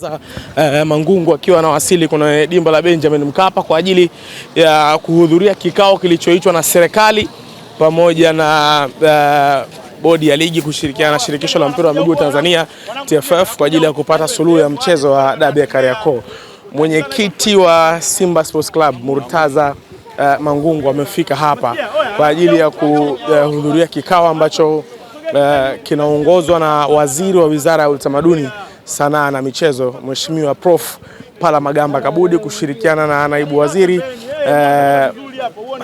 Sasa eh, Mangungu akiwa anawasili kuna dimba la Benjamin Mkapa kwa ajili ya kuhudhuria kikao kilichoitwa na serikali pamoja na eh, bodi ya ligi kushirikiana na shirikisho la mpira wa miguu Tanzania TFF kwa ajili ya kupata suluhu ya mchezo wa dabi ya Kariakoo. Mwenyekiti wa Simba Sports Club Murtaza uh, Mangungu amefika hapa kwa ajili ya kuhudhuria uh, kikao ambacho uh, kinaongozwa na waziri wa wizara ya utamaduni sanaa na michezo, Mheshimiwa Prof Pala Magamba Kabudi kushirikiana na naibu waziri eh,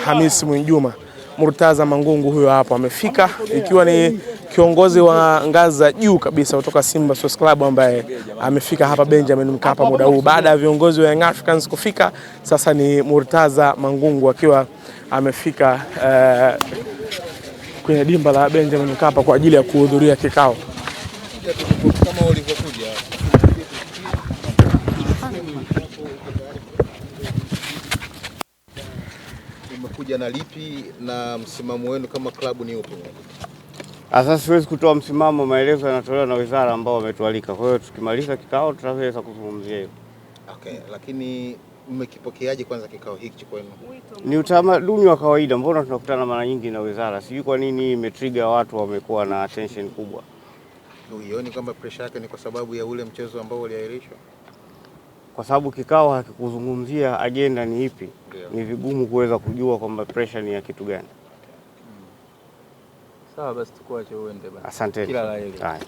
Hamis Mwinjuma. Murtaza Mangungu huyo hapo amefika, ikiwa ni kiongozi wa ngazi za juu kabisa kutoka Simba Sports Club ambaye amefika hapa Benjamin Mkapa muda huu baada ya viongozi wa Young Africans kufika. Sasa ni Murtaza Mangungu akiwa amefika eh, kwenye dimba la Benjamin Mkapa kwa ajili ya kuhudhuria kikao. Tutakuja kama ulivyokuja. Umekuja na lipi na msimamo wenu kama klabu ni upo? Ah, sasa siwezi kutoa msimamo, maelezo yanatolewa na wizara ambao wametualika. Kwa hiyo tukimaliza kikao tutaweza kuzungumzia hiyo. Okay, lakini mmekipokeaje kwanza kikao hiki kwenu? Ni utamaduni wa kawaida, mbona tunakutana mara nyingi na wizara? Sijui kwa nini imetriga watu wamekuwa na attention kubwa. Huioni kwamba presha yake ni kwa sababu ya ule mchezo ambao uliahirishwa? Kwa sababu kikao hakikuzungumzia ajenda ni ipi, yeah. Ni vigumu kuweza kujua kwamba presha ni ya kitu gani. Hmm. Sawa basi, tukuache uende bana. Asante. Kila la heri. Ah.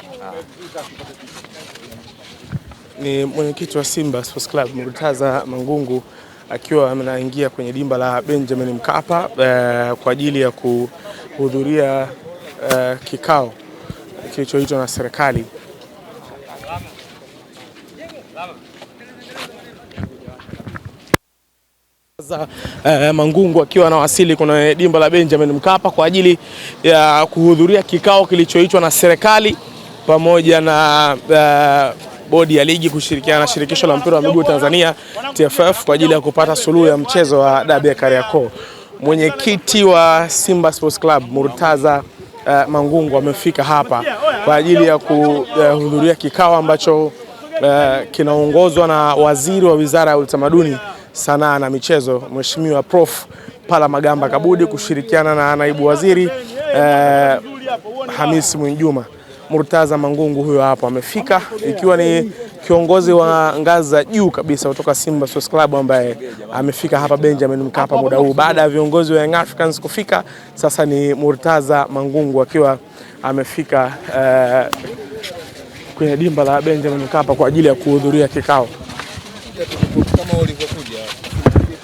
Ni mwenyekiti wa Simba Sports Club Murtaza Mangungu akiwa anaingia kwenye dimba la Benjamin Mkapa eh, kwa ajili ya kuhudhuria eh, kikao kilichoitwa na serikali. Eh, eh, Mangungu akiwa anawasili kuna dimba la Benjamin Mkapa kwa ajili ya kuhudhuria kikao kilichoitwa na serikali pamoja na eh, bodi ya ligi kushirikiana na shirikisho la mpira wa miguu Tanzania TFF kwa ajili ya kupata suluhu ya mchezo wa dabi ya Kariakoo. Mwenyekiti wa Simba Sports Club Murtaza eh, Mangungu amefika hapa kwa ajili ya kuhudhuria eh, kikao ambacho uh, kinaongozwa na waziri wa Wizara ya Utamaduni, Sanaa na Michezo, Mheshimiwa Prof Pala Magamba Kabudi kushirikiana na naibu waziri uh, eh, Hamisi Mwinjuma. Murtaza Mangungu huyo hapo amefika, ikiwa ni kiongozi wa ngazi za juu kabisa kutoka Simba Sports Club ambaye amefika hapa Benjamin Mkapa muda huu baada ya viongozi wa Young Africans kufika. Sasa ni Murtaza Mangungu akiwa amefika uh, kwenye dimba la Benjamin Mkapa kwa ajili ya kuhudhuria kikao kama